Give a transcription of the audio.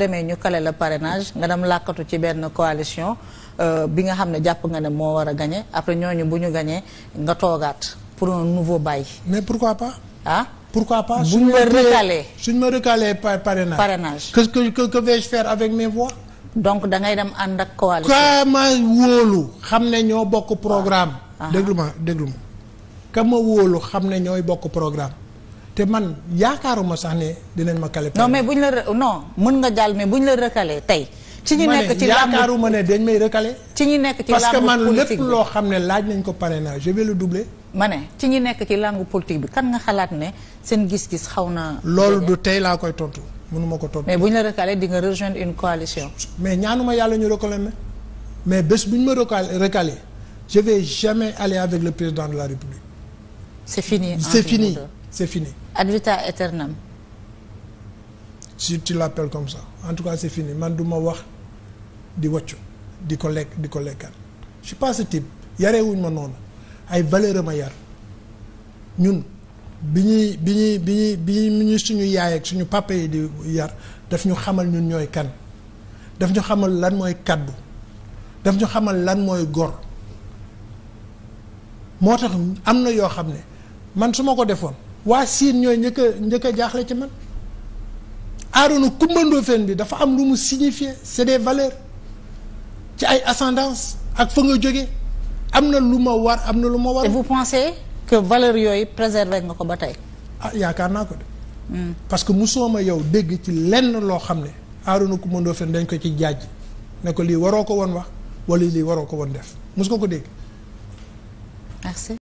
demee ñu kale la parrainage nga dem làkkatu ci benn coalition euh, bi nga xam ne jàpp nga ne moo war a gañe après ñooñu bu ñu gañee nga toogaat pour un nouveau bail. mais pourquoi pas. ah pourquoi pas. bu ñu la suñ ma recalé par parrainage. parrainage que que que que vais-je donc da ngay dem ànd ak coalition. ka ma wóolu xam ne ñoo bokk programme. Ah. déglu ma déglu ma ka ma wóolu xam ne ñooy bokk programme. te man yaakaaruma sax ne dinañ ma kale. non mais bu ñu la non mën nga jàll mais ñu la recalé tey. ci ñi nekk ci yaakaaruma ne dañ may recalé. ci ñi nekk ci làmb politique parce que loo xam ne laaj nañ ko parrainage je vais le doubler. ma ne ci ñi nekk ci làngu politique bi kan nga xalaat ne seen gis-gis xaw na. loolu du tey laa koy tontu mënuma ko tontu. mais bu ñu la recalé di nga rejoindre une coalition. mais ñaanuma yàlla ñu recalé ma mais bés bu ñu ma recalé recalé je vais jamais aller avec le président de la république. c'est fini c'est fini c'est fini. ad vitam aeternam si tu l'appelles comme ça en tout cas c'est fini man du ma wax di waccu di ko lekk di ko lekkaat je suis pas ce type ma noonu ay valeur ñun bi ñuy bi ñuy bi ñuy bi ñuy suñu yaay suñu papa yi di yar daf ñu xamal ñun ñooy kan daf ñu xamal lan mooy kàddu daf ñu xamal lan mooy gor moo tax am na yoo xam ne man su ma ko defoon waa Chine ñooy njëkk a njëkk a jaaxle ci man Arouna Coumba bi dafa am lu mu signifier c'est des valeurs ci ay ascendance ak fa nga jóge am na lu ma war am na lu ma war. et vous pensez que valeurs yooyu préserver nga ko ba tey. ah yaakaar naa ko de. Hmm. parce que mosoo ma yow dégg ci lenn loo xam ne Arouna Coumba Ndoffène dañ ko ci jaaj ne ko lii waroo ko woon wax wala lii waroo ko woon def mos nga ko dégg.